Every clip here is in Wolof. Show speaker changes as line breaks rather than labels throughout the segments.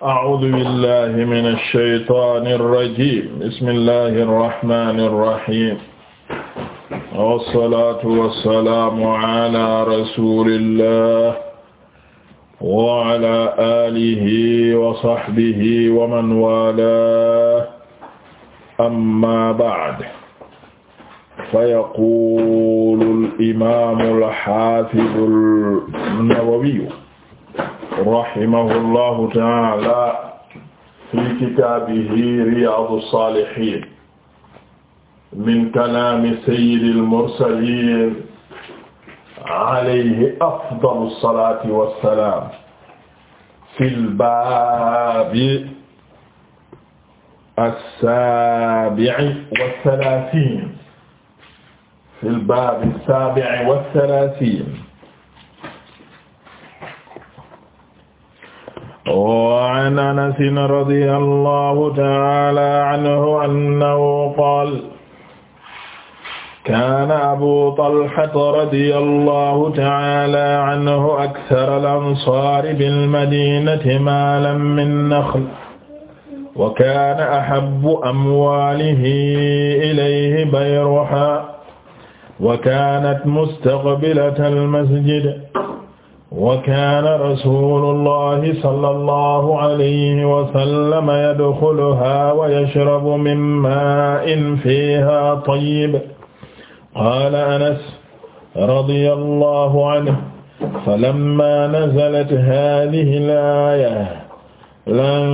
a'uudu billahi mina shaytaani rajiim bismillahi rahmaani rahiim wassalaatu wassalaamu ala rasuulillah wa ala aalihi wa sahbihi wa man waalaahu amma ba'd fayaquulu al-imaamu al-haafidu an-Nawawi rahimahullahu taala fi kitaabihi riyaadu saalihiin min kalaami sayyidil mursaliin alayhi afdalu salaati wa salaam fil baabi as-saabi'i wa salaasiin fil baabi as-saabi'i wa salaasiin wa an anasin radia allahu taala aanhu annahu qaal kaana abu talhata radia allahu taala aanhu akthara al-ansaari bil-madiinati maalan min naxl wa kaana ahabbu amwaalihi ilayhi bayruhaa wa kaanat mustaqbilata al-masjid wa kaana rasuulullahi sallallahu alayhi wa sallam yadxuluhaa wa yashrabu min maa'in fiihaa tayyib qaala anas radiyallahu anhu falammaa nazalat haadihil aaya lan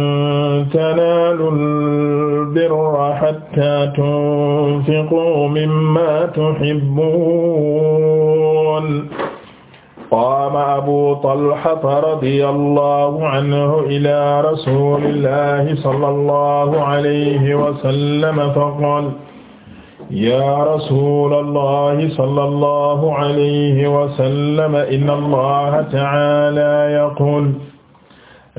tanaalul birra hattaa tunfiquu mimmaa tuhibbuun qaama abu talhata radiyallahu anhu ila rasulillahi sallallahu alayhi wa sallam faqaala yaa rasulallahi sallallahu alayhi wa sallam inna allaha ta'aala yaquulu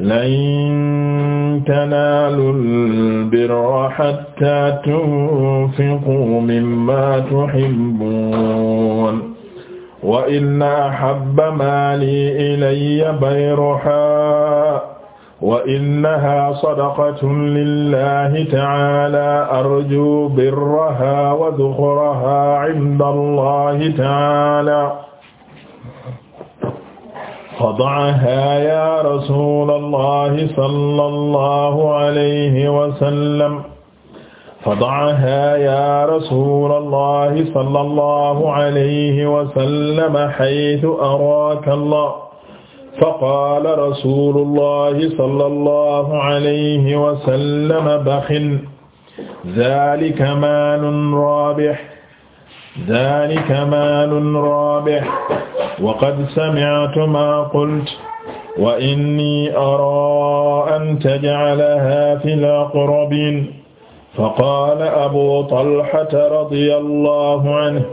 lan tanaalul birra hattaa tunfiquu mimmaa tuhibbuun wa inna ahabba maali ilayya bayruha wa innaha sadaqatun lillahi ta'ala arju birraha wa zuxraha inda allahi ta'ala fada'aha ya rasula allahi sallallahu alayhi wa sallam fada'ahaa yaa rasuulallaahi sallallahu alayhi wa sallam haythu araaka allaah faqaala rasuulullaahi sallallahu alayhi wa sallam baxin zaalika maalun raabih zaalika maalun raabih wa qad sami'tu maa qulta wa innii araa an taj'alahaa fil aqrabiin faqaala abu talhata radiyallahu anhu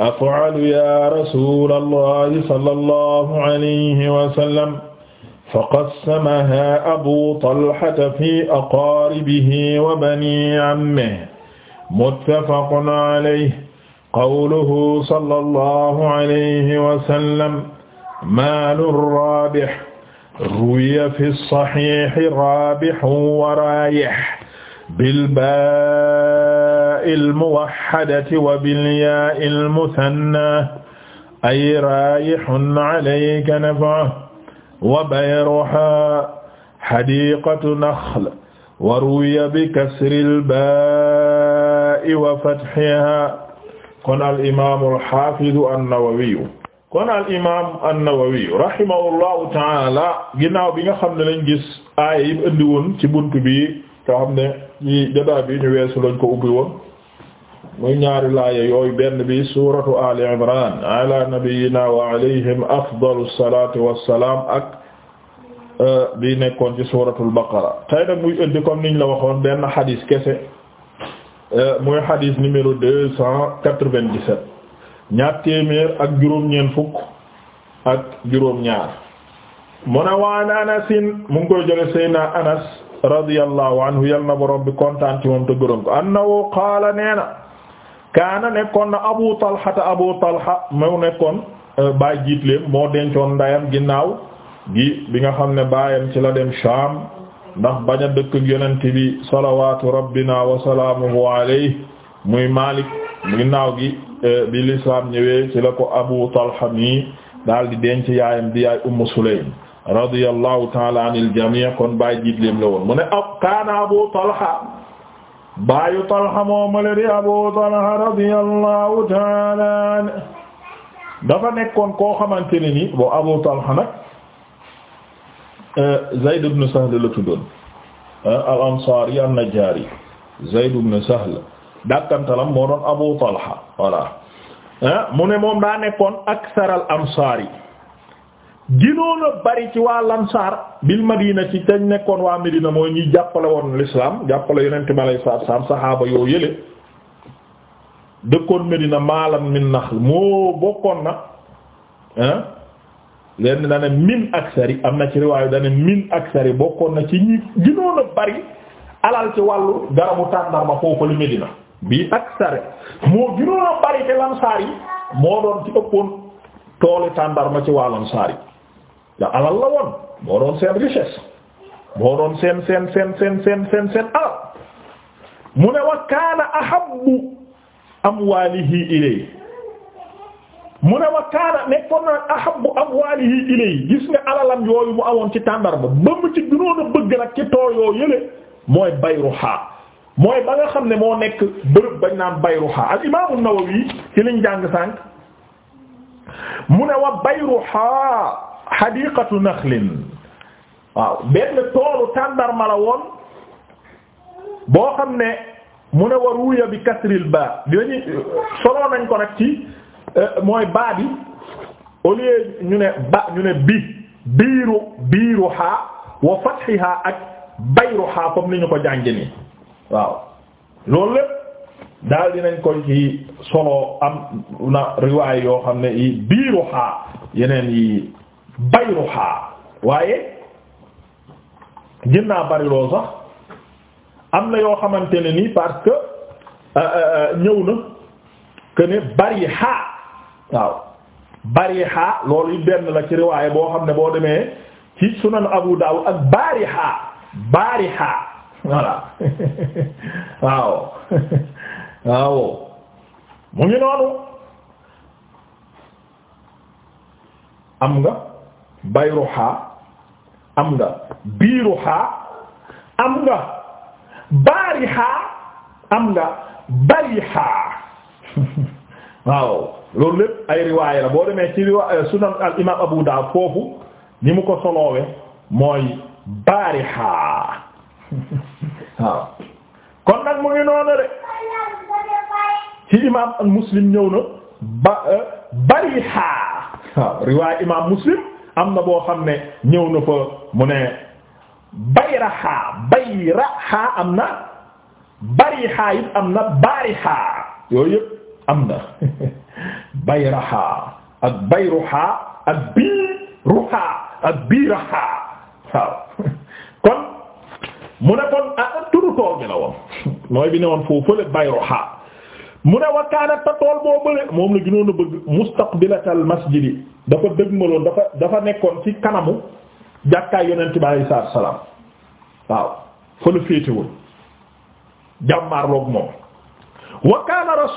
af'alu ya rasulallahi sallallahu alayhi wa sallam faqassamaha abu talhata fi aqaribihi wa bani ammihi muttafaqun alayhi qawluhu sallallahu alayhi wa sallam maalun raabih ruwiya fi sahihi raabihun wa raayih bilbaa'il muwahhadati wa bilyaa'il musannaa ay raayihun alayka naf'un wa bayruhaa hadiiqatu naxl wa ruwiya bi kasril baa'i wa fathihaa kon al imaam al haafidu an-Nawawi kon al imaam an-Nawawi rahimahullahu ta'aala ginnaaw bi nga xam ne lañ gis aaya yi indi woon ci buntu bi nga xam ne ci jotaay bi ñu weesu lañ ko ubbi woon muy ñaari laaya yooyu benn bi suratu ali imran ala nabiyina wa alayhim afdalu wa wassalaam ak e, bi nekkoon ci suratul baqara tey nag muy indi comme niñ la waxoon benn xadis kese e, muy xadis numéro deux téeméer ak juróom-ñeent fukk ak juróom-ñaar mu ne waan Anas mu ngi koy jële Seyna Anas radiyallahu anhu yal na borom bi kontaan ci moom te gërëm ko na kaana nekkoon na abu talhata abu talha moo nekkoon euh, baay jiitleem moo dencoon ndayam ginnaaw gi bi nga xam ne baayam ci la dem Shaam ndax bañ dëkk ak yonent bi salawaatu rabbina wa salaamuhu alayhi muy Maalik ginnaaw gi euh, bi lislaam ñëwee ci la ko abu talha mi daal di denc yaayam di yaay ummu Sulaym radiyallahu taala anil jamii kon baay jiitleem la woon mu ne ab kaana abu talha baayu talha moomale di abu talha radiyallahu taala an dafa nekkoon koo xamante ne ni bo abu talha nag euh, zayd ibn sahl la tuddoon euh, al ansaari an najjaari zayd ibn sahl dàkkantalam moo doon abu talha voilà mu ne moom daa nekkoon aksar al ansaari ginoon a bari ci waa Ansaar bil Madina ci dañ nekkoon waa Medina mooy ñuy jàppale woon l'islam jàppale yonent mi alayhi salaatu salaam saxaaba yoo yële dëkkoon Medina maalam min naxl moo bokkoon na ah lenn dana min aksari am na ci riwaayu dana min aksari bokkoon na ci ñi ginoon a bari alal ci wàllu garabu tàndarma foofu li Medina bii aksari moo ginoon a bari ci Ansaar yi moo doon ci ëppoon toolu tàndarma ci waa Ansaar yi da alal la woon moo doon seen richesse moo doon seen seen seen seen seen seen alal mu ne wa kaana ahabbu amwaalihi ilay mu ne wa kaana nekkoon na ahabbu amwaalihi ilay gis nga alalam yooyu mu awoon ci tàndarma ba mu ci gënoon bëgg nag ci tool yoo yële mooy bayruha mooy ba nga xam ne moo nekk bërëb bañ naan bayruha al imaamu Nawawi ci liñ jàng sànq mu ne wa bayruha xadiqatu naxlin waaw benn toolu tàndarma la woon boo xam ne mu ne war wuya bi kasril ba dinañu soloo nañ ko nag ci euh, mooy baa bi au ñu ne ba ñu ne bi biiru biiruha wa fathiha ak bayruha comme ni ñu ko jàngi nii waaw loolu lépp daal dinañ koy solo am na riwaay yoo xam ne i biiruha yeneen yi bayruha waaye gën naa bari lool sax am na yoo xamante ne nii parce que euh, euh, euh, ñëw na que ne bariha waaw bariha loolu it benn la ci riwaaye boo xam ne boo demee ci sunan Abu Dawud ak bariha bariha voilà waaw waaw mu ngi noonu am nga. bayruha am nga xaa am nga baariha am nga bariha waaw loolu lépp ay riwaay la boo demee ci riwaay euh, sunan al imaam Abu Daawud foofu ni mu ko soloowe mooy baariha waaw kon nag mu ngi noonu ci imaam Muslim ñëw na ba euh, bariha waaw riwaay imaam Muslim am na boo xam ne ñëw na fa mu ne bayraha bayraha am na bariha it am na bariha yooyu yëpp am na bayraha ak bayruha ak biiruha ak biiraha waaw kon mu ne kon ah turu tool gi la bi ne woon foofu fële mu ne wa kaanat ta tool boo bële moom la gënoon a bëgg mustaqbilatal masjidi dafa dëgmaloon dafa dafa nekkoon ci kanamu jàkkaay yonent bi alayhi salaatu salaam waaw fa la féetewoon jàmmaar loog moom wa kaana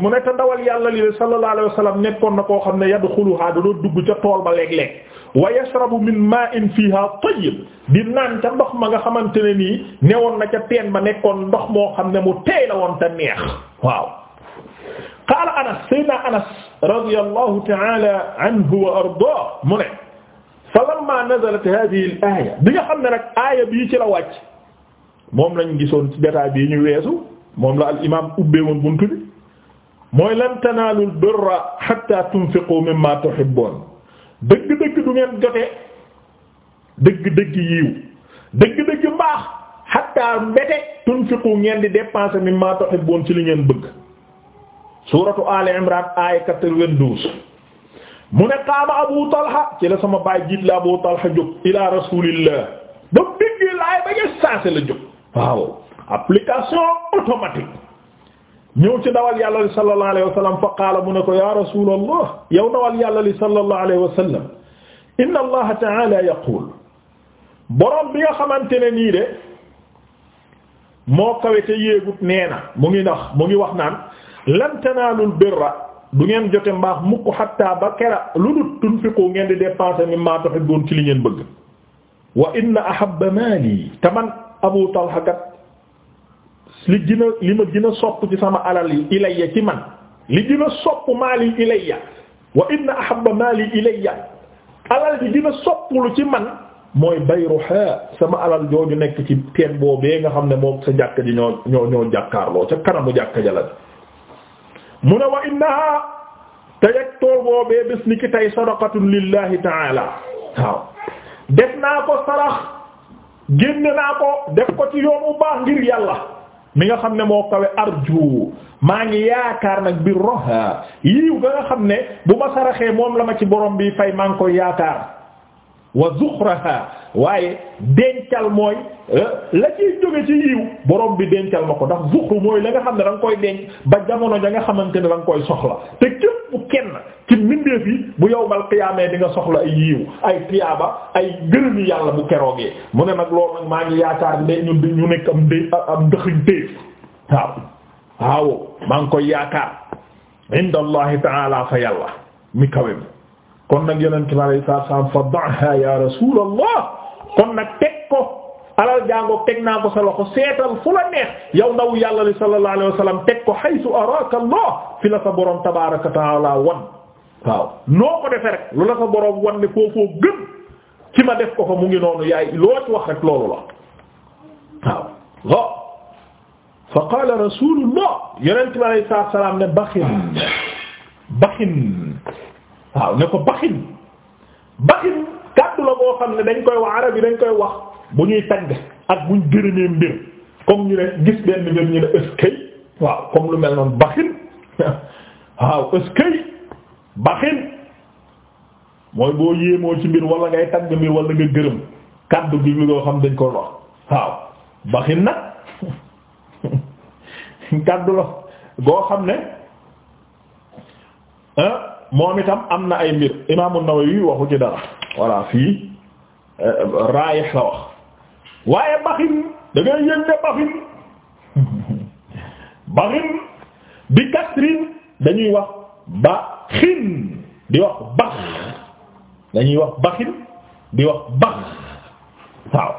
mu ne te ndawal yàlla li sallallahu alayhi wa sallam nekkoon na koo xam ne yadxuluha da doon dugg ca tool ba léeg-léeg wa yashrabu min ma'in fiha tayyib di naan ca ndox ma nga xamante ne nii newoon na ca teen ba nekkoon ndox moo xam ne mu teey la woon te neex waaw qaala anas sayyidina anas radiyallahu ta'ala anhu wa ardaa mu ne fa lamma nazalat hadhihi al-aaya bi nga xam ne nag aaya bii ci la wàcc moom lañ gisoon ci jotaay bii ñu weesu moom la al imaam ubbee woon buntu bi mooy lan tanaalul birra hatta tunfiqu mimma tuhibbuun dëgg-dëgg du ngeen jotee dëgg-dëgg yiiw dëgg-dëgg mbaax hatta mbete tunfiqu ngeen di dépenser mimma tuhibbun ci li ngeen bëgg suratu ali imran aaya 92 mu ne qaama abu talha ci la sama baay jiit la abu talha jóg ila rasulillah ba mu laay ba ñu saase la jóg waaw application automatique ñëw ci dawal yàlla li sallallahu alayhi wa fa qaala mu ne ko ya rasulallah yow dawal yàlla li sallallahu alayhi wa sallam inna ta'ala yaqul boroom bi nga xamante ne nii de moo kawete yéegut nee na mu ngi ndax mu ngi wax naan lan tanaalul birra du ngeen jote mbaax mukk xatta ba lu dut tunfiqu ngeen di dépenser mimma tuhibbuun ci li ngeen bëgg wa inna ahabba maali taman abu talha kat li gën a li ma gën sopp ci sama alal yi ilayya ci man li gën a sopp maali ilayya wa inna ahabba maali ilayya alal ji gën a sopplu ci man mooy bayruha sama alal jooju nekk ci teen boobee nga xam ne moom sa jàkka ji ñoo ñoo ñoo jàkkaarloo ca kanamu jàkka ja mu ne wa innaha te rek tool boobee bés ni ki tey sadaqatun lillahi ta'ala waaw def naa ko sarax génn naa ko def ko ci yoonu baax ngir yàlla mi nga xam ne moo kawe arju maa ngi yaakaar nag bi roha yiw ga nga xam ne bu ma saraxee moom la ma ci borom bi fay maa ngi koy yaakaar wa zuxraha waaye dencal mooy euh, la ciy jóge ci yiw borom bi dencal ma ko ndax zuxru mooy la nga xam ne da koy denc ba jamono ja nga xamante ne da nga koy soxla te képp kenn ci mbindeef yi bu yow yowmal qiyaamee di nga soxla ay yiw ay tiyaaba ay gërëmi yàlla bu keroogee mu ne nag loolu nag maa ngi yaakaar ne ñun ñu nekk am ndé am ndëxintéef waaw waaw maa ngi koy yaakaar inda allahi fa yàlla mi kawe kon nag yonente mi alayhi salaatu salaam fa da'ha ya rasulallah kon nag teg ko alal jàngoog teg naa ko sa loxo seetal la neex yow ndaw yàlla li sallallahu alayhi wa sallam teg ko haythu araka Allah fi la sa boroom tabaaraka wan noo ko defee rek wan ne foofoo gën ci ma def ko fa mu ngi noonu yaay loo ci wax rek loolu la waaw fa qaala rasuulullah yonente mi alayhi salaatu salaam ne baxin waaw ne ko baxin baxin kàddu la boo xam ne dañ koy wax arab yi dañ koy wax bu ñuy tagg ak buñ gërëmee mbir comme ñu ne gis benn mbir ñu ne ëskay waaw comme lu mel noonu baxin waaw ëskay baxin mooy boo yéemoo ci mbir wala ngay tagg mbir wala nga gërëm kàddu gi li loo xam dañ koy wax waaw baxin nag kàddu la goo xam ne ah moom itam am na ay mbir imaam an-Nawawi waxu ci dara voilà fii euh, raayix la wax waaye baxin da ngay yëg baxin baxin bi kasrin dañuy wax baxin di wax bax dañuy wax baxin di wax bax waaw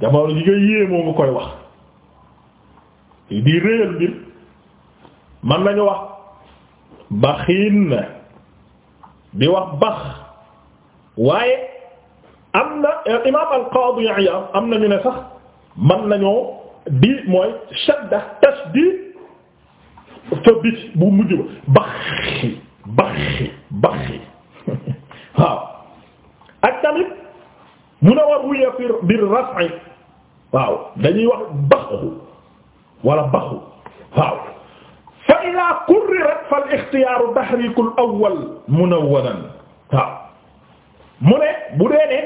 jamono ji yéemoo nga koy wax di réyal mbir man nañu wax baxiin bi wax bax waaye am na euh, imam al am na ñu ne sax mën nañoo di mooy shadda tashdid fa bit bu mujj ba baxi baxi baxi waaw ak tamit mun a war wuya fi bir raf'i waaw dañuy wax baxu wala baxu waaw wa idaa qurrirat fal ixtiyaaru taxriikul awwal munawwaran waaw mu ne bu dee ne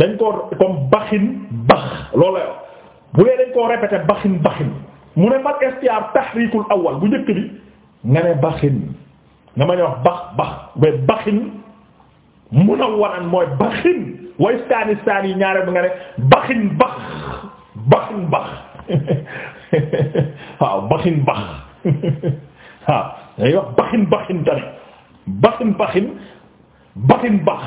dañ koo comme baxin bax loolu la bu dee dañ koo répété baxin baxin mu ne fal ixtiyaar taxriikul awwal bu njëkk bi nga ne baxin nga ma ne wax bax bax ba baxin munawwaran mooy baxin wa istaani istaani ñaare bi nga ne baxin bax baxin bax waaw baxin bax waaw baxin baxin tamit baxin baxin baxin bax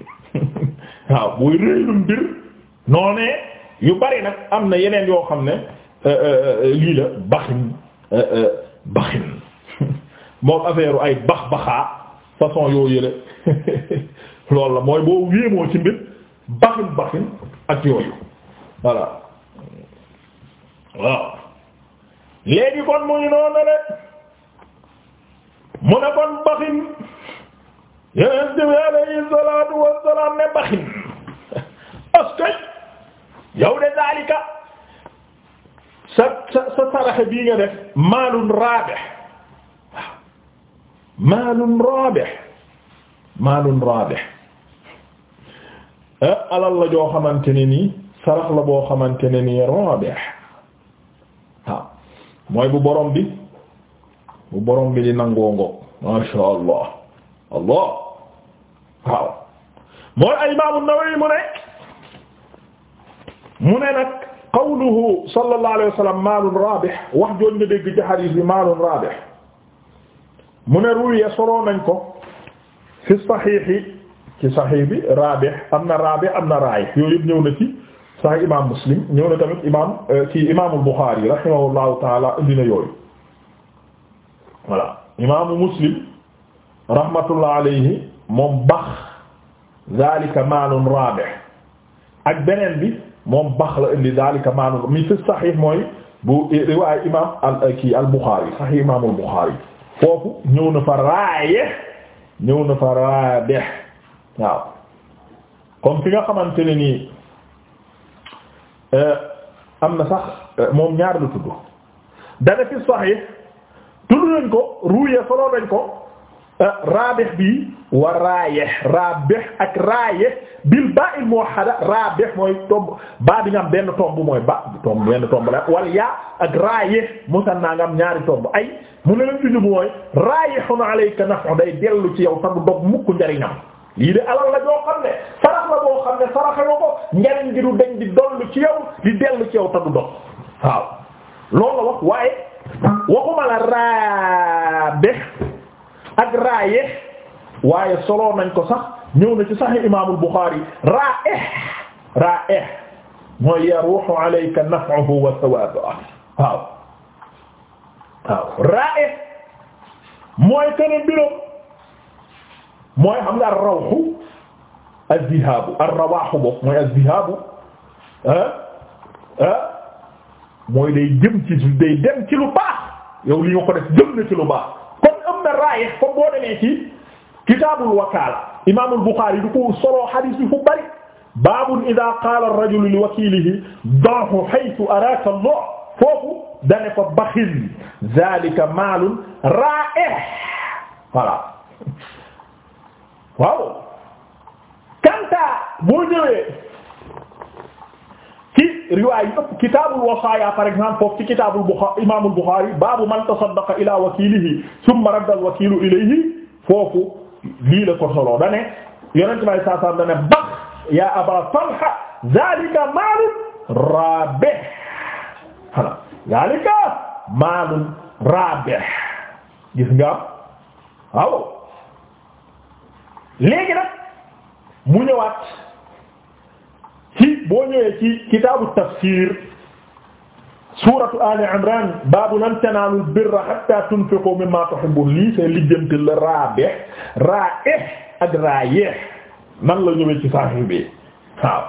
waaw buy réylu mbir noonee yu bari nag am na yeneen yoo xam ne euh, euh, euh, lii la baxin baxin moom affaire ay bax baxaa façon yoo yële loolu la mooy boo wéemoo ci mbir baxin baxin ak yooyu voilà waaw léegi kon mu ngi noonu rek mu ne kon baxin yeneen bi alayhi salaatu wassalaam ne baxin askay yow de daalika sa sa sa bii nga def maalun raabih waaw maalun raabih maalun raabih eh, alal la joo xamante ne nii sarax la boo xamante ne nii mooy bu borom bi bu borom bi di nangoo ngoog masha allah allah waaw mooy al imam an-Nawawi mu ne mu ne nag qawluhu sallallahu alayhi wa sallam maalun raabih wax joon nga dégg ci xadiis bi maalun raabih mu ne ruwiya soloo nañ ko fi saxiix yi ci saxiix bi raabih am na raabih am na raayih yooyu yëpp ñëw na ci sax imaam muslim ñëw na tamit imaam kii euh, imaamul buxaari rahimahullahu taala indi na yooyu voilà imaamu muslim rahmatullah alayhi moom bax zalika maalun raabih ak beneen bi moom bax la indi zalika maalun mi fi saxiix mooy bu riwaay imaam al euh, kii al buxaari saxiix imaamul buxaari foofu ñëw na fa raaye ñëw na fa raabih waaw comme fi nga xamante ne nii. am na sax moom ñaar la tudd dana fi sahih tudd nañ ko ruuye solo nañ ko raabih bi wa raayih raabih ak raayih bil ba'il muwahhada raabih mooy tomb ba bi nga am benn tomb mooy ba tomb benn tomb la wala yaa ak raayih musanna naa am ñaari tomb ay mu ne lañ ci jub mooy raayihun alayka naf'u day dellu ci yow te du dog mukk njariñam lii de alal la joo xam ne la boo xam ne saraxe nga ko njariñ gi du deñ di dollu ci yow di dellu ci wax waaye raabe ak raaye waaye solo nañ ko sax ñëw na ci Sahih Imaamul Bukhari raaih raaih mooy yaruhu alayka naf'uhu wa thawabuhu waaw mooy keneen biroom mooy xam nga ar-rawhu az-zihaabu ar-rawaahu bokk mooy az-zihaabu ah ah mooy day jëm ci day dem ci lu baax yow li nga ko def jëm na ci lu baax kon am na raayix comme boo demee ci kitaabul wakaala imaamul buxaari du ko solo xadiis bi fu bari baabun idaa qaala ar-rajulu li wakiilihi da'hu haythu araaka Allah foofu dane ko baxil zaalika maalun raa'ih voilà waaw kanta boo ñëwee ci riwaay yi ëpp kitaabul wasaaya par exemple foofu ci kitaabul Buxaari imaamul Buxaari baabu man tasaddaqa ilaa wakiilihi summa radda al-wakiilu ilayhi foofu lii la ko solo da ne yonent bay saa saam da ne bax yaa Abaa Talha zaalika maalun raabih voilà zaalika maalun raabih gis nga waaw. léegi nag mu ñëwaat ci boo ñëwee ci kitaabu tafsir suuratu ali imran baabu lan tanaalu birra hatta tunfiqu mimma tuhibbu lii c'est lijjanti la raabih raa'ih ak raayih nan la ñëwee ci sahih bi waaw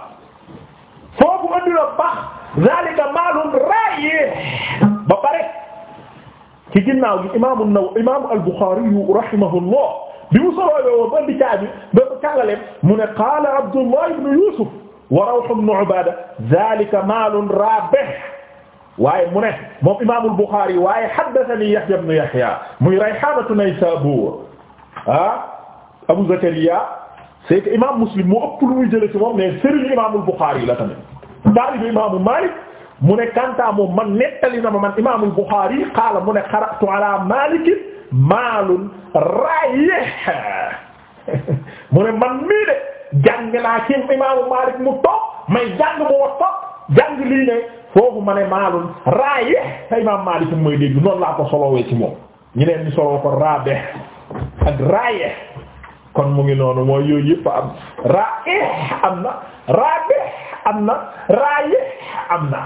foofu andi la bax zalika maalun raayih ba pare ci ginnaaw gi imaamu Nawawi imaamu al-Bukhari rahimahullah bi mu solooyoo woon ba di caabi ba kàllale mu ne qaala Abdullah ibn Yusuf wa Rawh ibn Ubaada zaalika maalun raabih waaye mu ne moom imaamul Buxaari waaye haddathanii Yahya ibn Yahya muy Rayhaanatu Naysaabuur ah Abu Zakariya c'est que imaam Muslim moo ëpp lu muy jëlee ci moom mais sëriñ imaamul Buxaari la tamit taalibu imaamu Maalik mu ne Kantaa moom man nettali na ma man imaamul Buxaari qaala mu ne qara'tu ala Maalik maalun raayih mu ne man mii de jàng naa ci imaamu Maalik mu toog may jàng mu wax toog jàng lii ne foofu ma ne maalun raayih imaam Maalik mu may dégg noonu laa ko solowee ci moom ñeneen ñi soloo ko raabih ak raayih kon mu ngi noonu mooy yooyu yëpp am raayih am na raabih am na raayih am na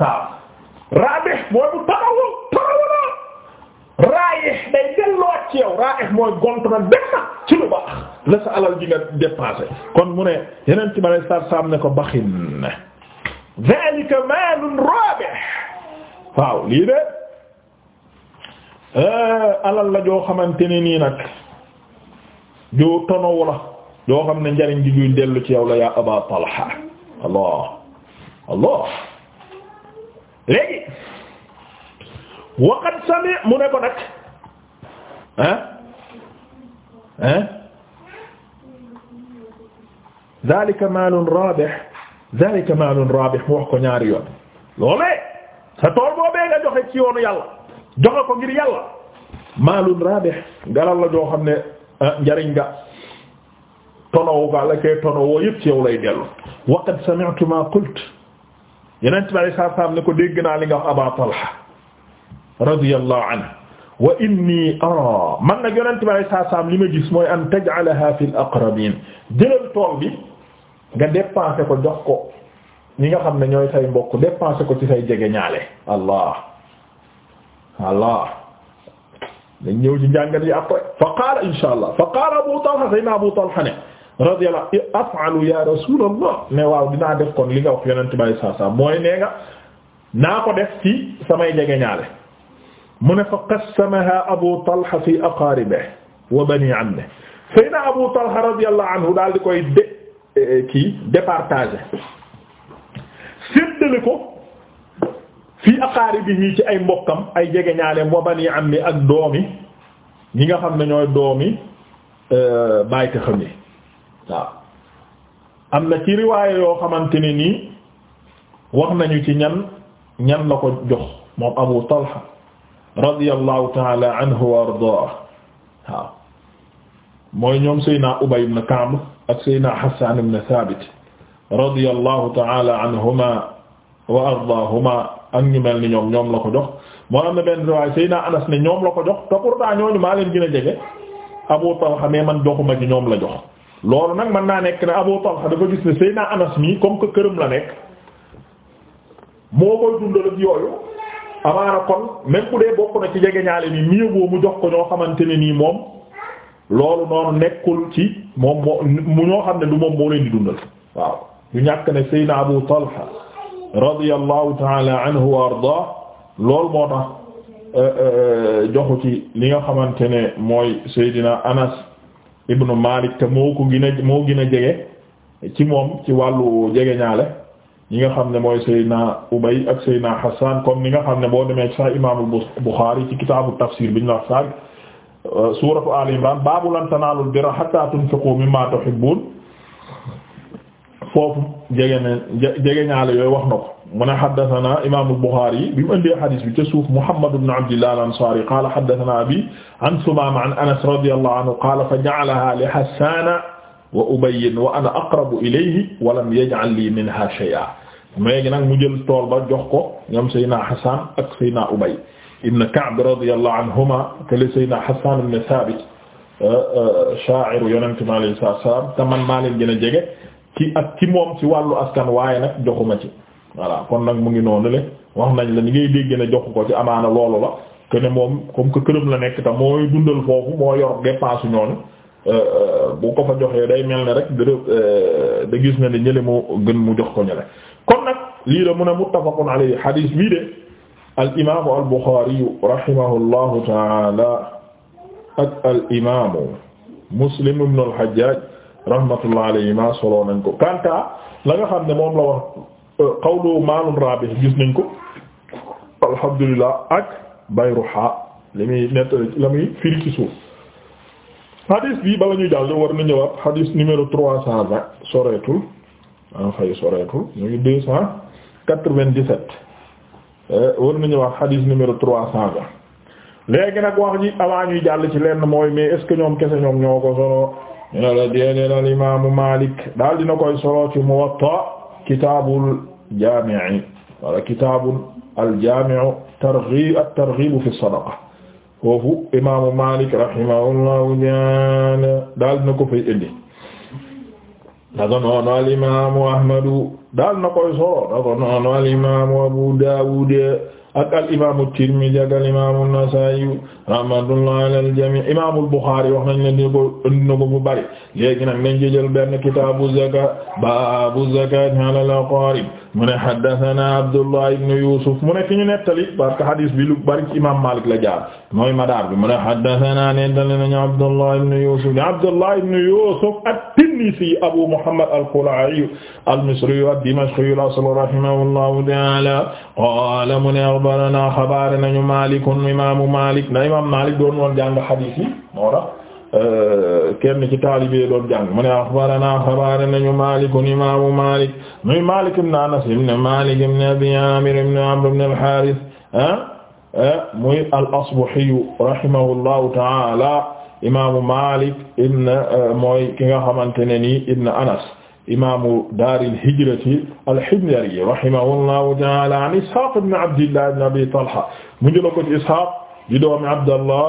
waaw raabih mooy bu taxawul raayix day delluwaat ci raayix mooy gont na dem ci lu baax la sa alal ji kon mu ne yeneen ci ma sar saam ne ko baxin zalika maalun raabih waaw lii de eh, alal la joo xamante ne nii nag ju tonowu xam ne njariñ ji juy dellu ci yow la yaa Aba Talha allah allah léegi waqad sami mu ne ko nag ah ah zalika maalun raabih zalika maalun raabih mu wax ko ñaari yoon sa tool boobee nga ci yoonu yàlla joxe ko ngir yàlla maalun raabih galal la joo xam ne ah, njariñ nga tonow ga la koy yëpp ci yow lay dellu waqad sami'tu ma qult yeneen tubaab yi saa saa ne ko dégg naa li nga wax radiyallahu anhu wa inni ara ah, man nag yonent bi salaam li ma gis mooy an taj'alaha fil aqrabin jëlal tool bi nga dépensé ko jox ko ñi nga xam ne ñooy say mbokk dépensé ko ci say jege ñaale allah allah dañ ñëw ci njàngat yi après fa qaala insha allah fa abu talha sayna abu talha ne radiyallahu af'alu ya rasulallah ne waaw dinaa def kon li nga wax yonent bi salaam mooy nee nga naa ko def samay jege ñaale mu ne fa qassamaha Abu Talha fi aqaribihi wa bani ammihi Seydina Abu Talha radiyallahu anhu daal di koy de eh, eh, kii départager séddale ko fi aqaribihi ci ay mbokkam ay jegeñaaleem wa bani ammi ak doomi ñi nga xam ne ñooy doomi euh, bàyyte xam yi waaw am na ci riwaaye yoo xamante ne nii wax nañu ci ñan ñan la ko jox moom Abu Talha radiyallahu taala anhu wa mooy ñoom Seydina Ubay ibn Ka'b ak Seydina Hassan ibn ñu mel ni ñoom ñoom la ko jox moo am na benn Anas ne ñoom la ko jox te a jege man joxuma ci la jox loolu nag mën naa ne Abu Talha comme que këram la nekk moo koy dundal ak yooyu amaana kon même bu dee ci jegeñaale ni mieux vaut mu jox ko ñoo xamante ne nii moom loolu noonu nekkul ci moom mu ñoo xam ne du moom moo leen di dundal waaw ñu ñàkk ne Seydina Abu Talha radiyallahu ta'ala anhu wa ardaa loolu moo tax euh, euh, joxu ci li nga xamante ne mooy Seydina Anas ibnu Malik te moo ko gën a moo gën jege ci moom ci wàllu jegeñaale ñi nga xam ne mooy Seydina Ubay ak Seydina Hassan comme ni nga xam ne boo demee sax imaamul Bukhari ci kitaabu tafsir bi ñu wax sax euh, suuratu Aali Imraan baabu lan tanaalul birra hattaa tunfiqu mimmaa tuhibbuun foofu jege na jege ñaale yooyu wax na ko mu ne haddasanaa imaamul Bukhari bi mu ëndee hadiis bi ca suuf Muhammad ibn Abdillah al-Ansaari qaala haddasanaa abii an Sumaama an Anas radiyallaahu anhu qaala fa ja'alahaa li Hassaana wa ubayyin wa ana aqrabu ilayhi wa lam yaj'al li minha shay'a léegi nag mu jël tool ba jox ko ñoom Seydina Hassan ak Seydina Ubay ibn Ka'b radiyallahu anhuma tele Seydina Hassan ibn Thabit euh, euh, sha'iru yonente mi alayhi salaam te man maa leen gën a jege ci ak ci moom si wàllu askan waaye nag joxuma ci voilà kon nag mu ngi noonu le wax nañ la ni ngay dégg ne joxu ko ci amaana loolu la que moom comme que këram la nekk te mooy dundal foofu moo yor dépense ñooñu Euh, bu ko fa joxee day mel ne rek euh, da gis na ne ñële mu gën mu jox ko ñële kon nag lii la mun a muttafaqun de al imaamu al buxaari rahimahullahu taala ak al imaamu muslim ibn al hajjaj rahmatullahi alayhima soloo nañ ko kanta la nga xam ne moom la wax euh, qawlu maalun raabih gis nañ ko alhamdulillah ak bayruha li muy nett la hadis bi bala ñu jàll war na ñëwaat hadis numéro trois cent vingt soreetul en ah, fay soreetul ñu ngi deux cent quatre-vingt-dix-sept eh, war na ñëwaat hadis numéro trois cent vingt léegi nag wax ji avant ñuy jàll ci lenn mooy mais est que ñoom kese ñoom ñoo ko solo ñu a la déedéet al imaamu Malik daal dina koy solo ci Muwatta kitaabul jaami'i wala kitaabul al jaami'u targhib at-targhib fi sadaqa foofu imaamu Malik rahimahullahu daal na ko fay indi naka al imaamu Ahmadu daal na koy solo naka al imaamu Abu Dawud ak al imaamu Tirmidhi ak al imaamu Nasaa'i rahmatullahi alal jamii imaamul Buxaari wax nañ leen di ko indi na ko bu bari léegi nag nañ ci jël benn kitaabu zakaat baabu al aqaarib mu ne haddathana Abdullah ibn Yusuf mu ne ki ñu nettali parce que hadis bi lu bari ci imaam Malik la jaar mooy madaar bi mu ne haddathana nettali nañu Abdullah ibn Yusuf ne Abdullah ibn Yusuf at-Tinnisi Abu Muhammad al-Khula'i al-Misri ad-Dimashqi rahimahullahu ta'ala qala mu ne akhbarana xabaar nañu Malik imaamu Malik na imaam Malik doon woon jàng hadis yi moo tax Euh, kenn ci taalibe doon jàng mu ne axbarana xabaare nañu malikun imamu malik muy malik ibn anas ibn malik ibn abi amir ibn amr ibn al-harith ah, ah, muy al-asbahi rahimahullahu taala imaamu malik ibn ah, mooy ki nga xamante ne ni ibn anas imaamu daaril hijrati al-himyari rahimahullahu taala an ishaq ibn abdillah ibn abi talha mu jëla ko ci ishaq di doomi abdallah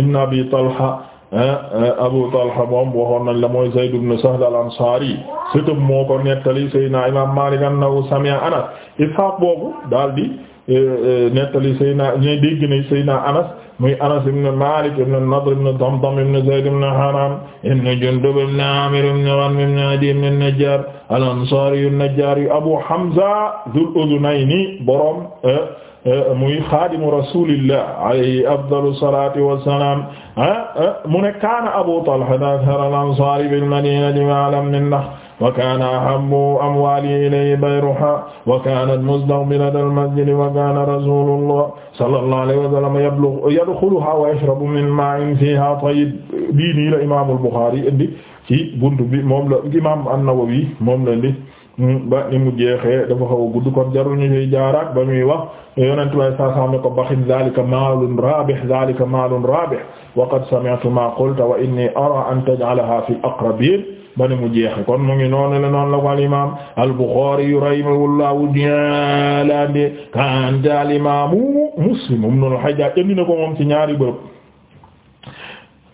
ibn abi talha Abu Talha moom waxoon nañ la mooy Zayd ibn Sahl al-Ansari sëtëm moo ko nettali Seydina Imam Malik annahu sami'a Anas Ishaq boobu daal di eh, eh, nettali Seydina ñooy dégg ne Seydina Anas muy Anas ibn Malik ibn Nadr ibn Damdam ibn Zayd ibn Haram ibn Jundub ibn Amir ibn Ghanm ibn Adi ibn an-Najjar al-Ansari an-Najjari Abu Hamza dhul-udhunayni borom eh, Euh, muy xaadimu rasulillah alayhi afdalu salatu wassalam ah, ah, mu ne kaana abu talha ashar al ansari bil madinati ma'lam min nakhl wa kaana ahabbu amwaali ilayhi bayruha wa kaanat mustaqbilata al masjid wa kaana rasulullah sallallahu alayhi wa sallam yablughu yadkhuluha wa yashrabu min maa'in fiiha tayyib bii nii la imaamul Buxaari indi ci buntu bi moom la imaam an-Nawawi moom la indi Hmm, ba ni mu jeexee dafa xaw a gudd kon jaruñu fi jaaraat ba muy wax yonent way saa saa ne ko baxin zalika maalun raabih zalika maalun raabih wa qad sami'tu ma qulta wa inni ara an taj'alaha fi al-aqrabin ba ni mu jeexee kon mu ngi noonu la noonu la ko al imam al-Bukhari rahimahullahu ta'ala kanta al imam Muslim ibn al-Hajjaj indi na ko moom ci ñaari bërëb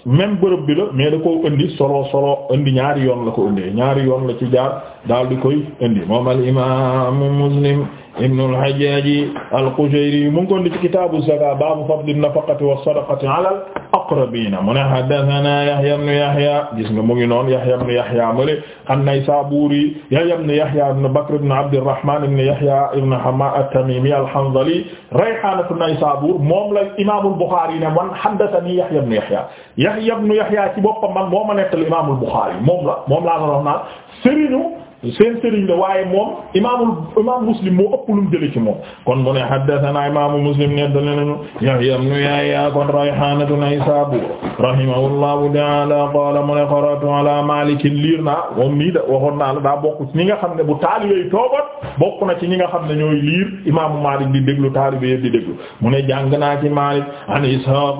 même bërëb bi la mais da ko indi solo solo indi ñaari yoon la ko indi ñaari yoon la ci jaar daal di koy indi moom al imam Muslim ibn al-Hajjaj al-Qushayri mu ngi koy indi ci kitaabu zakaat baabu fadli nafaqati wa sadaqati ala al-aqrabiina mu ne haddathana Yahya ibn Yahya gis nga mu ngi noonu Yahya ibn Yahya male an-Naysaburi Yahya ibn Yahya ibn Bakr ibn Abdirrahman ibn Yahya ibn Hamma at-Tamimi al-Hanzali rayhaanatu Naysabur moom la imam al-Bukhari ne man haddathani Yahya ibn Yahya Yahya ibn Yahya ci boppam man moo ma nettal imam al-Bukhari moom la moom laa doon wax naan sëriñu seen sëriñ la waaye moom imaamul imaam muslim moo ëpp lu mu jëlee ci moom kon mu ne haddathana imaamu muslim nettali nañu Yahya ibn Yahya kon Rayhaanatu Naysaabuur rahimahullahu ta'ala qaala mu ne qara'tu ala Maalik liir naa moom nii da waxoon naa la daa ci ñi xam ne bu taalibeey toogoon bokk na ci ñi nga xam ne ñooy liir imaamu Maalik di déglu taalibeey di déglu mu ne jàng naa ci Maalik an Ishaaq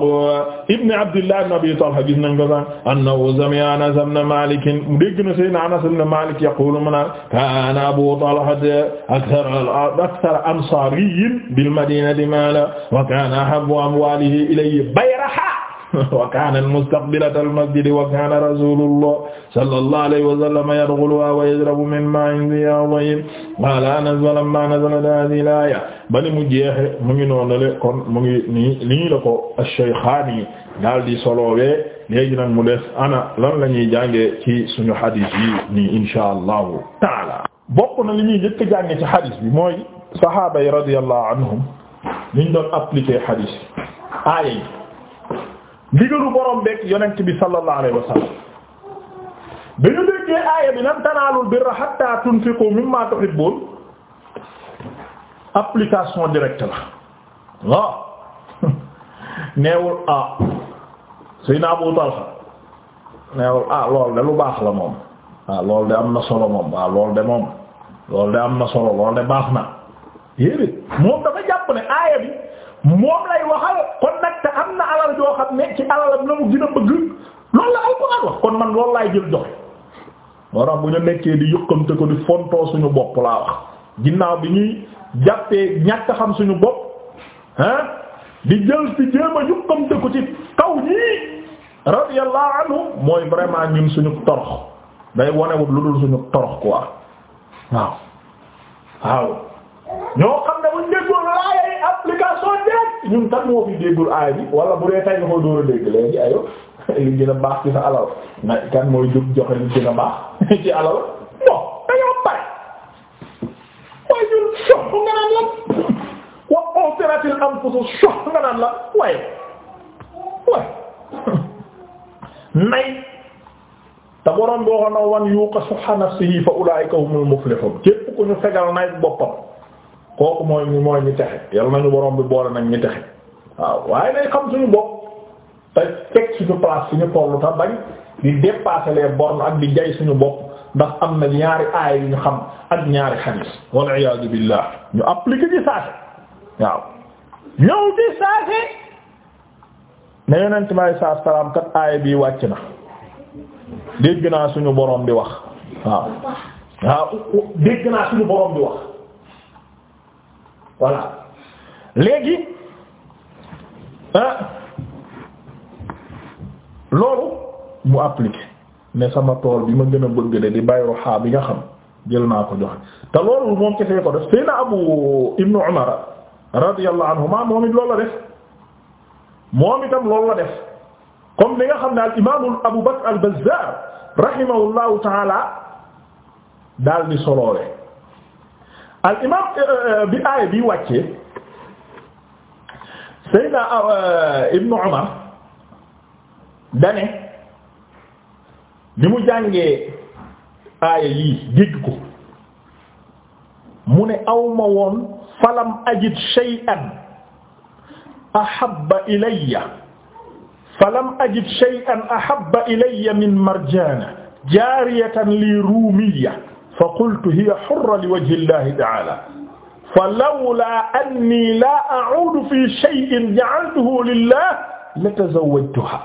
ibn Abdullah ibn Abi Talha gis nañ ko sax annahu Anas ibn naan kaana Abu Talha akthar akthar ansaariyyin bil madinati maala wa kaana ahabbu amwaalihi ilayhi bayraha wa kaana mustaqbilata al-masjid wa kaana rasuulullah sallallahu alayhi wa sallam yadkhuluhaa wa yashrabu min maa'in dhii ya'diin qaala Anas lammaa nazalat haadhihi al-aaya ba ni mu jeexe mu ngi noonale kon mu ngi nii nii la ko ash-shaykhaani daal di solowee léegi nag mu des ana lan la ñuy jàngee ci suñu hadis yi nii insha allahu taala bokk na li ñuy njëkk jànge ci hadis bi mooy sahaaba yi radiyallahu anhum liñ doon appliquer hadis aaya yi ndigalu borom beeg yonent bi sallallahu alayhi wa sallam bi lan tanaalul birra hatta tunfiqu mimma tuhibbun application directe la ah Seydina Abu Talha neewul ah loolu de lu baax la moom ah loolu de am na solo moom ah lool de moom loolu de am na solo loolu de baax na yéedé moom dafa jàpp ne aaya bi moom lay waxal kon man loolu laay jël joxe moo tax bu ñu nekkee di yëkkamte ko di fontoo suñu bopp laa wax ginnaaw bi ñuy jàppee ñàkk xam suñu bopp hein di jël ci jéem a jukkamte ko ci kaw ñii radiyallahu anhu mooy vraiment ñun suñu torox day wonewut lu dul suñu torox quoi waaw waaw ñoo xam ne buñ déggul laaya application déeg ñun tam moo fi déggul aaya bi wala bu dee tay nga koy dóora dégg léegi ayo li gën a baax ci sa alal na kan mooy jóg joxe li gën baax ci alal bon dañoo pare mooy ñun soxu nga naan lan wa u'tiratil anfusu sox nga naan la waaye waaye nay te borom boo xam ne wan yuuqa suhha nafsihi fa ulaa'ika humul muflihun képp ku ñu fegal nay boppam kooku mooy mooy ñu texe yàlla nañu borom bi boole nañ ñu texe waaw waaye day xam suñu bopp te teg suñu place suñu tollu ta bañ di dépasser les ak di jay suñu bopp ndax am na ñaari aay yu ñu xam ak ñaari xadiis wal iyaadu billah ñu appliquer ci saa waaw ñëw ci saase ne yonent mi alayhi salaatu kat aaya bi wàcc na dégg naa suñu borom bi wax waaw waaw dégg naa suñu borom bi wax voilà léegi ah, loolu mu appliqué ne sama tool bi ma gën a bëgg de di bayru xaa bi nga xam jël naa ko joxe te loolu moom kese ko def Seydina Abu Ibnu Umar radiyallahu anhuma moom it loolu la def moom itam loolu la def comme li nga xam ne al imaamul Abu Bakr al Bazzar rahimahullahu taala daal di soloolee al imaam euh, euh, bi aaya bi wàccee Seydina euh, Ibnu Umar dane bi mu jàngee aaya yii dégg ko mu ne awma woon falam ajid shay'an ahabba ilayya falam ajid shay'an ahabba ilayya min marjana jariyatan li rumiyya fa qultu hiya hurra li wajhi llahi ta'ala falawla anni la a'udu fi shay'in ja'altuhu lillah latazawwajtuha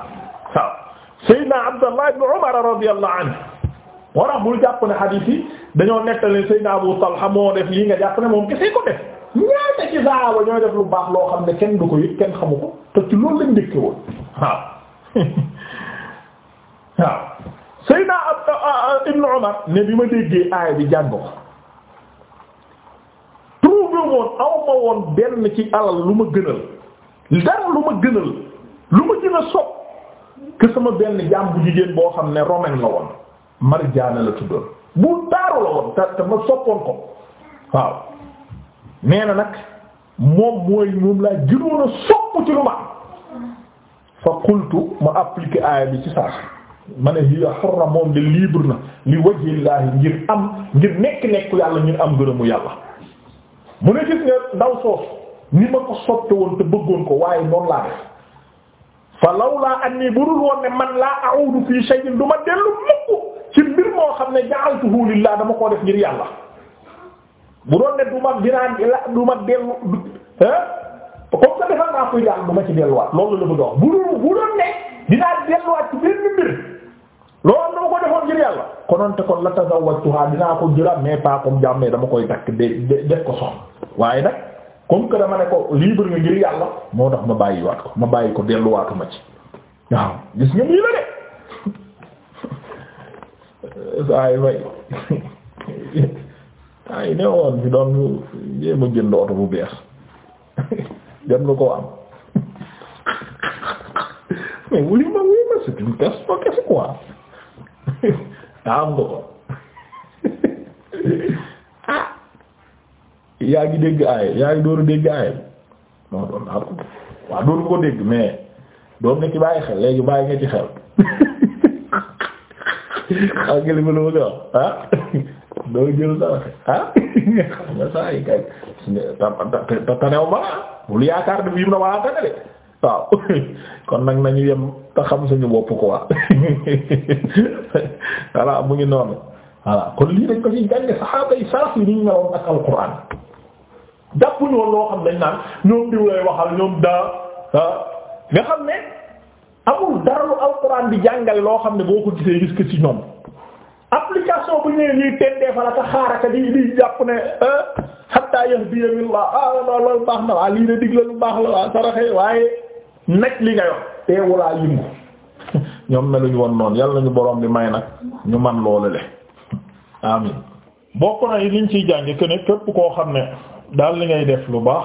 sayyidina Abdallah ibn Umar radiyallahu anhu warax bul jàpp ne hadith yi dañoo nettali sayyidina Abu Talha moo def lii nga jàpp ne moom kese ko def ñenn ci saaba ñooy def lu baax loo xam ne kenn du ko yëg kenn xamu ko te ci loolu lañ dëkke woon waaw waaw Seydina Ibn Umar ne bi ma déggee aaya bi jàng ko trouvé woon aw ma woon benn ci alal lu ma gënal dara lu ma gënal lu ma gën a sopp que sama benn jaam bu jigéen boo xam ne romaine la woon Marjaana la tuddoon bu taaru la woon te te ma soppoon ko waaw nee na nag moom mooy moom laa gënoon a sopp ci lu ma fa qultu ma appliqué aaya bi ci saa ma ne hiya xarra moom de libre na li wajhillaahi ngir am ngir nekk nekku yàlla ngir am gërëmu yàlla mu ne gis nga ndaw soosu ni ma ko soppe te bëggoon ko waaye noonu laa def fa lawlaa anni budul woon ne man laa a'udu fi shay'in du ma dellu mukk ci mbir moo xam ne ja'altuhu lillah dama koo def ngir yàlla bu doon ne du ma dinaa du ma dellu comme que defal naa koy daal du ma ci delluwaat loolu la bëgg a bu dul bu doon ne dinaa delluwaat ci benn mbir loolu dama ko defoon ngir yàlla kononte kon la tazawwajtuha dinaa ko jëlaat mais pas comme dama koy takk de def ko soxla waaye nag comme que dama ne ko libre nga ngir yàlla moo tax ma bàyyiwaat ko ma bàyyi ko delluwaatu ma ci waaw gis nga nii la de waaye way temps yi ne woon fi doon jéem a jënd oto bu beex jot nga koo am mais wuli ma wuli ma c'est une question kese quoi daa am nga ko ah yaa ngi dégg aay yaa ngi dooru dégg aay non doon naa ko waaw dooru ko dégg mais doon nga ci bàyyi xel léegi bàyyi nga ci xel ah gëli ma la bëgg a wax ah? doo jël dara ah xam nga saa yi kay tanew ma bul yaakaar ne bii mu ne maa tane de waaw kon nag nañu yem te xam suñu bopp quoi voilà mu ngi noonu voilà kon lii dañ ko ci jànge saxaaba yi salaf yi ni ñu ak alquran jàpp ñu woon loo xam dañ ñoom diw waxal ñoom daa nga xam ne amul dara lu alquran di jàngale loo xam ne boo ko gisee risque ci ñoom. application bu ñëwee ñuy tendee fa la ka xaaraka di di jàpp ne ah, hatta yahdiyallah ah loolu baax na waa lii de digle lu baax la waa saraxee waaye nag li nga yor teewulaa yëngu ñoom meluñ woon noon yàlla nañu borom bi may nag ñu man loolu le amin bokk na yi liñ ciy jànge que ne képp koo xam ne daal li ngay def lu baax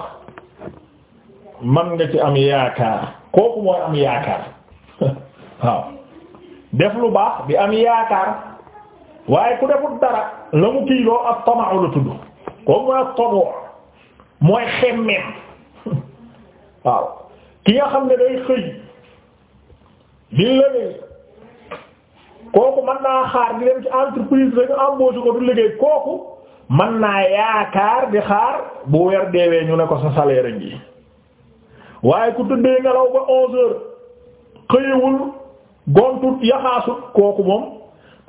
man nga ci am yaakaar kooku mooy am yaakaar waaw def lu baax bi am yaakaar waaye ku defut dara la mu kii loo ak tamaxu la tudd kooku mooy ak todoo mooy xemmeem waaw ki nga xam ne day xëy di liggéey kooku mën naa xaar di dem ci entreprise rek embauché ko du liggéey kooku mën naa yaakaar di xaar bu weer deewee ñu ne ko sa salaire ngi waaye ku tuddee ngelaw ba onze heures xëyewul gontut yaxaasut kooku moom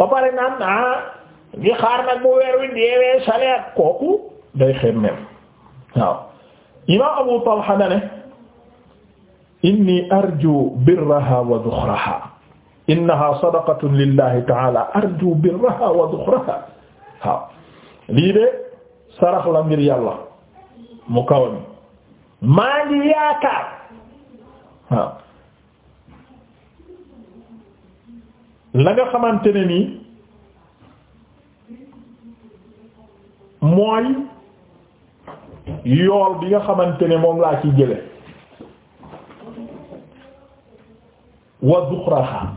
ba pare naan ah ngi xaar nag bu weer wi deewee salaire kooku day xemmem waaw imaam Abu Talha na inni arju birraha wa dukhraha innaha sadaqatun lillahi ta'ala arju birraha wa dukhraha waaw lii de sarax la mu kaw maa ngi yaakaar waaw la nga xamante ne nii mooy yool bi nga xamante ne moom laa ci jële wa zuxraha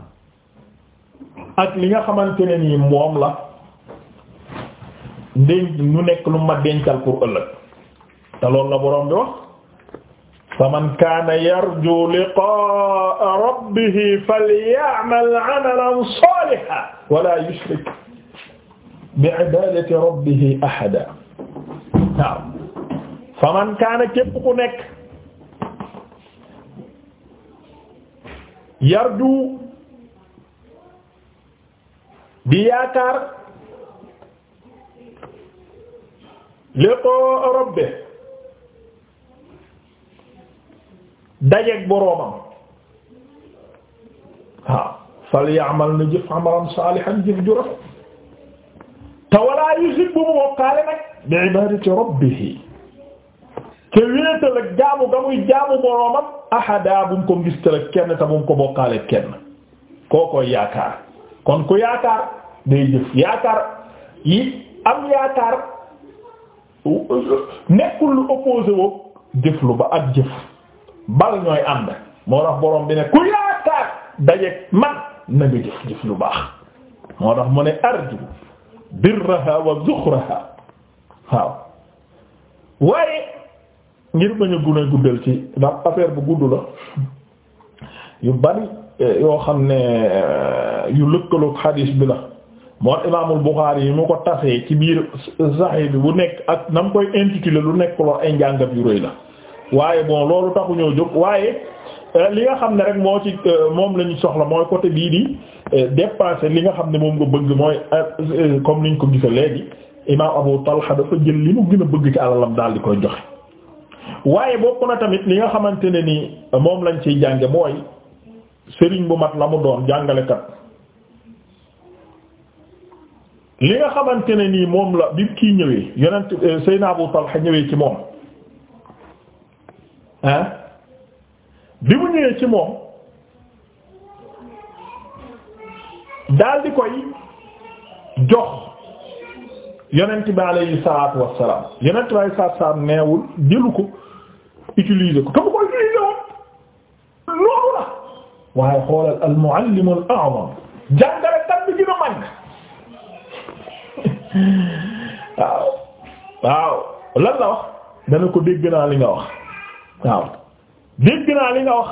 ak li nga xamante ne nii moom la ndenc nu nekk lu ma dencal pour ëllëg te lool na boroom bi wax faman kaana yarju liqaa'a rabbihi falya'mal 'amalan saalihan wa laa yushrik bi'ibaadati rabbihi ahadan waaw faman kaana képp ku nekk yarju di yaakaar liqaa'a rabbihi dajeeg boroomam waaw fal ya'mal na jëf amalan salihan jëf ju rafet te walaa yushrik bu mu wokkaale nag bi ibadati rabbihi te wéetal ak jaamu ga muy jaamu boroomam ahada bu mu ko ngistal ak kenn te bu mu ko bokkaale kenn kookoy yaakaar kon ku yaakaar day jëf yaakaar yi am yaakaar nekkul lu opposé woo jëf lu ba ak jëf bal ñooy ànd moo tax borom bi ne ku yaakaar dajeek man na nga jëf jëf lu baax moo tax mu ne arju birraha wa zuxraha waaw waaye ngir bañ a gune guddal ci ndax affaire bu gudd la yu bari eh, yoo xam ne eh, yu lëkkaloog xadiis bi la moo imaamul Buxaari yi mu ko tasee ci biir Sahih bi bu nekk ak na mu koy intitulé lu nekk loo ay njàngat yu rëy la waaye bon loolu taxuñoo jóg waaye euh, li nga xam ne rek moo ci euh, moom la ñu soxla mooy côté bii di euh, dépasser li nga xam ne moom nga bëgg mooy comme niñ ko gisa léegi imam Abu Talha dafa jël li mu gën a bëgg ci alalam daal di koy joxe waaye bokk na tamit li nga xamante ne ni moom lañ ciy jànge mooy sëriñ bu mat la mu doon jàngalekat li nga xamante ne nii moom la bi kii ñëwee yonent Seydina Abu Talha ñëwee ci moom ah bi mu ñëwee ci moom daal di koy jox yonent bi alayhi salaatu wassalaam yonent bi alayhi salaatu wassalaam neewul jëlu ko utiliser ko te bu ko utiliser woon loolu la waaye xoolal al muallimu al a'zam jàngale tam bi gën a màgg waaw waaw lan la wax dana ko dégg naa li nga wax waaw dégg naa li nga wax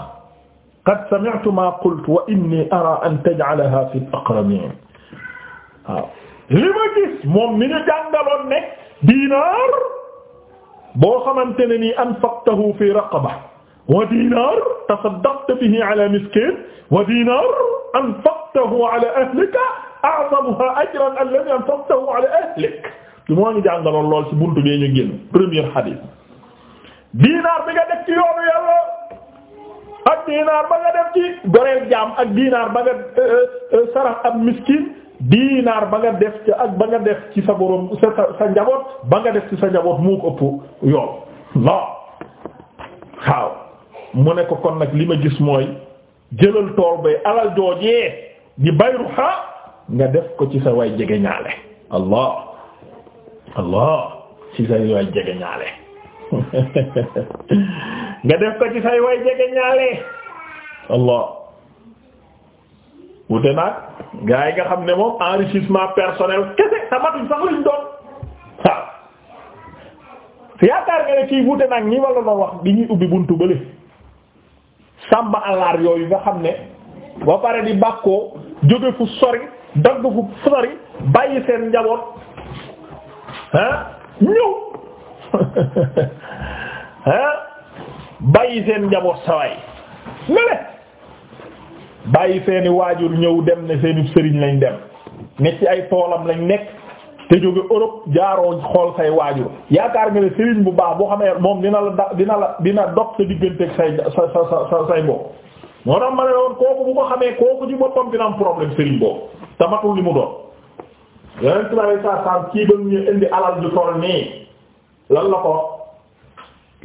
qad sami'tu ma qultu wa inni ara an taj'alaha fi al-aqrabin waaw li ma gis moom mi ñu jàngaloon ne diinaar boo xamante ne nii anfaqtahu fi raqaba wa diinaar tasaddaqta bihi ala miskin wa diinaar anfaqtahu ala ahlika a'zamuha ajran alladhi anfaqtahu ala ahlik du moo ñu jàngaloon lool ci buntu bee ñu génn premier hadith diinaar bi nga def ci yoonu yàlla ak diinaar ba nga def ci goreel jaam ak diinaar ba nga euh, euh, euh, sarax ab miskin diinaar ba nga def ci ak ba nga def ci sa borom sa njaboot ba nga def ci sa njaboot mu ko ëpp yoon non waaw mu ne ko kon nag li ma gis mooy jëlal tool bay alal joojee di bayru ha nga def ko ci sa way jege ñaale allah allah ci sa way jege ñaale nga def ko ci say way jege ñaale allah wute naag gaa yi nga xam ne moom enrichissement personnel kese tamatuñ sax lañ doon waaw nga ne kii wute naag ñi wala la wax di ñuy ubbi buntu bële sàmba alaar yooyu nga xam ne ba pare di bàkkoo jóge fu sori dagg fu sori bàyyi seen njaboot ah ñëw ah bàyyi seen njaboot saway mele bàyyi seeni waajur ñëw dem ne seeni sëriñ lañ dem ne ci ay toolam lañ nekk te jóge Europe jaaroo xool say waajur yaakaar nga ne sëriñ bu baax boo xamee moom dina la da dina la dina dox sa digganteeg say sa sa sa say mbokk moo tax ma ne woon kooku bu ko xamee kooku ci boppam dina am problème sëriñ boobu tamatul li mu doon yeneen tubaab yi saa saa kii ba ñu indi alal ju toll nii. lan la ko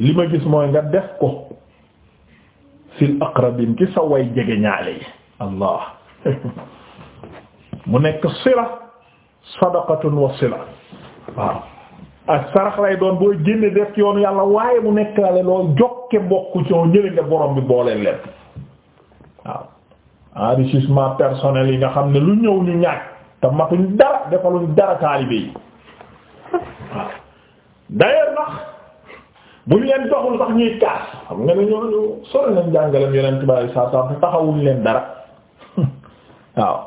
li ma gis mooy nga def ko fil aqrabin ci sa way jege ñaale yi allah mu nekk sila sadaqatun wa sila waaw ak sarax lay doon booy génne def ci yoonu yàlla waaye mu nekk la lool jokke bokk ci ñële nga borom bi booleel leen waaw enrichissement personnel yi nga xam ne lu ñëw ñu ñàkk te matuñ dara defaluñ dara taalibe yi waaw d'ailleurs ndax buñ leen doxul sax ñuy kaas xam nga ne ñooñu sore nañ jàngalem yonent bi alei saa salaam te leen dara waaw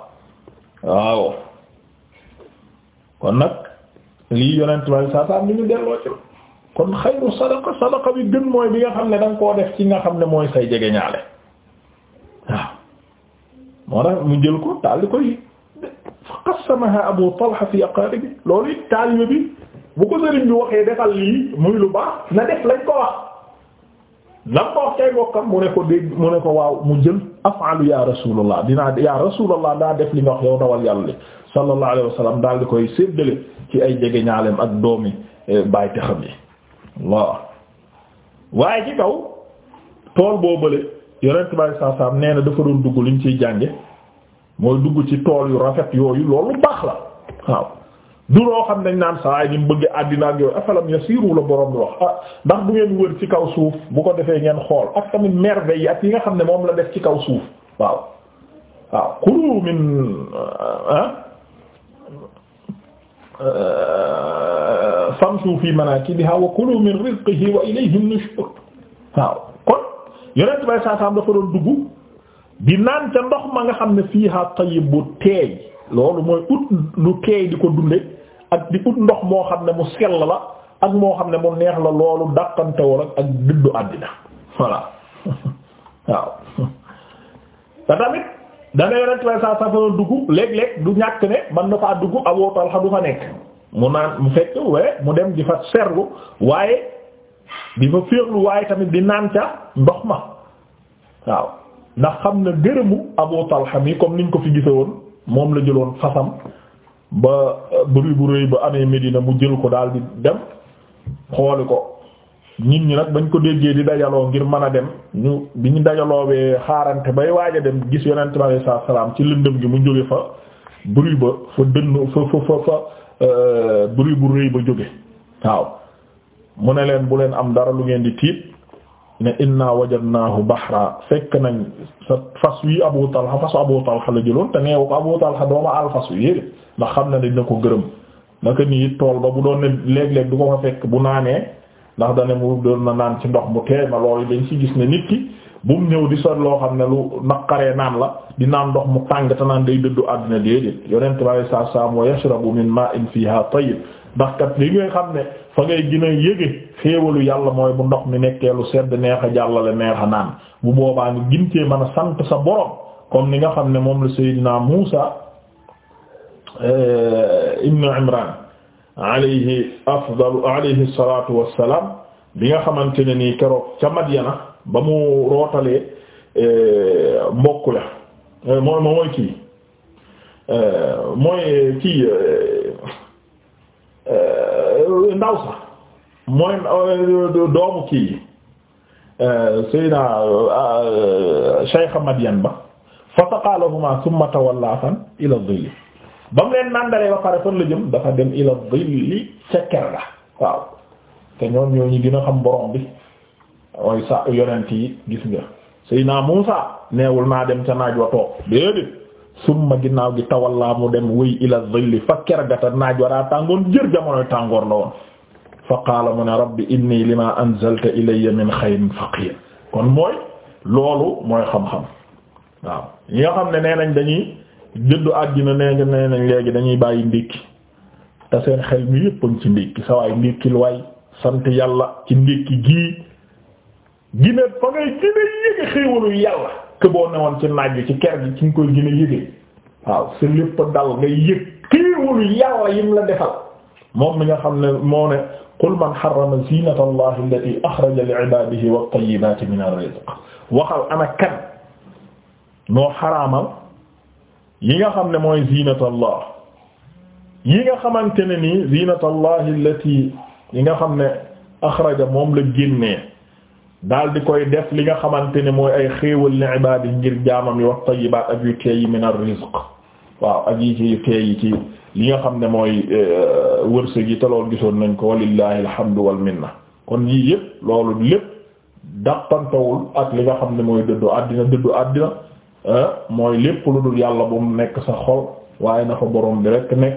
waaw kon nag lii yonent bi alei saa salaam ni ñu delloo ci kon xayru sadaqa sadaqa bi gën mooy bi nga xam ne da koo def ci nga xam ne mooy say jege ñaale waaw moo tax mu jël ko daal di koy qassamaha Abu Talha fi aqaribi loolu it taalibe bi bu ko sëriñ bi waxee defal lii muy lu baax na def lañ ko wax lan mu ne ko dégg mu ne ko waaw mu jël afaalu ya rasulullah dinaa ya rasulullah daa def li nga wax yow dawal yàlla li sallallahu alayhi daal di koy séddale ci ay jege ñaaleem ak doomi bàyyi te xam waaye ci kaw tool boo bële yonent bàyyi saa saam nee dafa doon dugg liñ ciy jànge mooy dugg ci tool yu rafet yooyu loolu baax la waaw du loo xam nañ naan saa yi ñu bëgg àddina ak yooyu afalam yasiru la boroom wax ah ndax bu ngeen wër ci kaw suuf bu ko defee ngeen xool ak tamit merveille yi ak yi nga xam ne moom la def ci kaw suuf waaw waaw ah, kulu min ah, ah famsu fi manakibiha wa kulu min rizqihi wa ilayhi an-nushur waaw kon yonent bay saa saam dafa doon dugg di naan ca ma nga xam ne fiiha tayyib bu teey loolu mooy ut lu teey di ak di ut ndox moo xam ne mu sell la ak moo xam ne mu neex la loolu dàqantewul ak ak dëddu àddina voilà waaw te tamit dana yonent lay saa safara dugg léeg-léeg du ñàkk ne mën na faa dugg ab wootal xa du fa nekk mu naan mu fekk we mu dem di fa serlu waaye di fa féexlu waaye tamit di naan ca ndox ma waaw ndax xam na gërëmu Abu Talha mi comme niñ ko fi gise woon moom la jëloon fasam ba euh, bruit bu rëy ba amee Medina mu jël ko daal di dem xooli ko nit ñi nag bañ ko déggee di dajaloo ngir mën a dem ñu bi ñu dajaloowee xaarante bay waaj a dem gis yonent bi sallallahu alayhi ci lëndëm gi mu jóge fa bruit ba fa dënn fa fa fa euh, bu rëy ba jóge waaw mu ne leen bu leen am dara lu ngeen di tiit ne inna wajadnaahu bahra fekk nañ sa fas wi Abu Talha fasu Abu Talha la jëloon te neewu ko Abu Talha dooma al fas wi ndax xam na ne dina ko gërëm naka nii tool ba bu doon ne léeg-léeg du ko fa fekk bu naanee ndax dane mu doon na naan ci ndox mu teey ma loolu dañ ci gis ne nit ki bu mu ñëw di sot loo xam ne lu naqaree naan la di naan ndox mu tàng te naan day dëddu àddina déedéet yonent bi alei saatu salaam wa yashrabu min ma'in fiha tayyib ngay xam ne fa ngay gën a yàlla mooy bu ndox mi nekkee lu sedd neex a jàllale neex a naan bu boobaa nga gintee mën a sant sa borom comme ni nga xam ne moom la Seydina Muusa Euh, ibn Imran alayhi afdalu alayhi salatu wassalam bi nga xamante ne nii keroog ca Madyana ba mu rootalee euh, mbokk la euh, mooy mooy kii mooy kii ndaw sax mooy doomu kii Seydina Cheikh Madyan ba fa saqaa lahuma thumma tawalla fan ila dhilli ba mu leen nàndalee ba pare fan la jëm dafa dem ila dilli ca ker ga waaw te ñoom ñoo ñu gën a xam borom bi mooy sa yonent yi gis nga Seydina Muusa neewul naa dem ca naaj wa toog déedéet summa ginnaaw gi tawallaa mu dem wéy ila dilli fa ker ga te naaj wa daa tàngoon jër jamonoy tàngoor la woon fa qaala mu ne rabbi inni lima anzalta ilayya min xayrin faqiir kon mooy loolu mooy xam-xam waaw ñi xam ne nee nañ dañuy jëddu àddina nee nga nee nañ léegi dañuy bàyyi ndékki te seen xel mi yépp ci ndékki sa waay ndékkil waay sant yàlla ci ndékki gii gine fa ngay gine yége xéewalu yàlla ke boo newoon ci naaj ci ker gi ci nga koy gine yége waaw sa lépp dal ngay yëg xéewalu yàlla yim la defal moom mi nga xam ne moo ne qul man harrama zinata allahi allati axraja li ibadihi wat ana kan noo xaraamal yi nga xam ne mooy zinatallah yi nga xamante ne nii zinatallah allati yi nga xam ne axraja moom la génnee daal di koy def li nga xamante ne mooy ay xéewal li ibaadi ngir jaamam yi wax tayyibaat ak yu teey yi min ar-rizq waaw ak yi ci teey yi ci li nga xam ne mooy e, wërsëg yi te lool gisoon nañ ko walillahi alhamdu wal minna kon yii yëpp loolu lépp dàqantawul ak li nga xam ne mooy dëddu àddina dëddu àddina Ah mooy lépp lu dul yàlla bu mu nekk sa xol waaye na fa borom bi rek nekk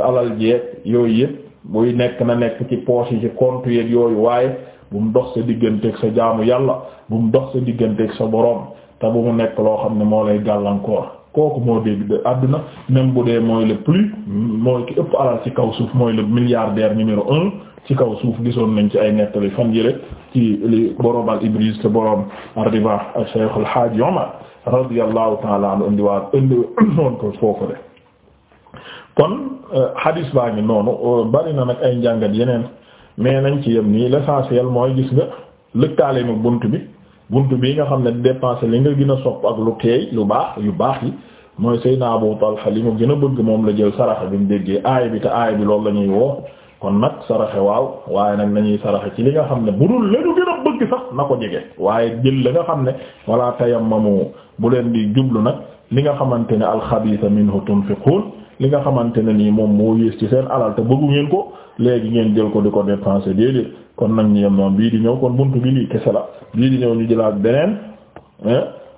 alal jeeg yooyu yëpp buy nekk na nekk ci poche yi ci compte yeeg yooyu waaye bu mu dox sa digganteeg sa jaamu yàlla bu mu dox sa digganteeg sa borom te bu mu nekk loo xam ne moo lay gàllankoor kooku moo dégg de àdduna même bu dee mooy le plus mooy ki ëpp alal ci kaw suuf mooy le milliardaire numéro un ci kaw suuf gisoon nañ ci ay nettali fan yële ci li borom al Ibris te borom arriva radiyallahu ta'ala anhu indiwaat indi noonu ko foofu de kon euh, hadis baa ngi noonu euh, bari na nag ay njàngat yeneen mais nañ ci yem nii l'essentiel mooy gis nga lëkkaale nu bunt bi bunt bii nga xam ne dépensé li nga gën a sopp ak lu teey lu baax yu baax yi mooy Seydina Abu Talha li mu gën a bëgg moom la jël saraxa bi mu déggee aay bi te aay bi loolu la ñuy woo kon nag saraxe waaw waaye nag nañuy saraxe ci li nga xam ne bu dul lañu gën a bëgg sax na ko jege waaye jël la nga xam ne wala tayammamu bu leen di jublu nag li nga xamante ne alxabiisa minhu tunfiqun li nga xamante ne nii moom moo yées ci seen alal te bëggu ngeen ko léegi ngeen jël ko di ko dépenser déedéet kon nag ñu yem noonu bii di ñëw kon buntu bi lii kese la bii di ñëw ñu jëlaat beneen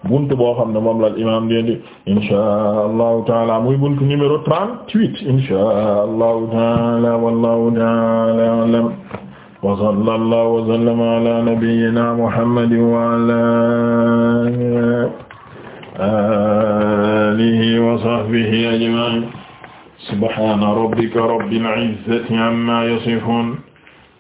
bunt boo xam ne moom la imaam dindi inshaa allahu taala muy bunt numéro trente-huit inshaa allahu taala wallahu taala alam wa sallallahu wa sallama ala nabiyyina muhammadin wa ala alihi wa sahbihi ajma'in subhana rabbika rabbil izzati amma yasifun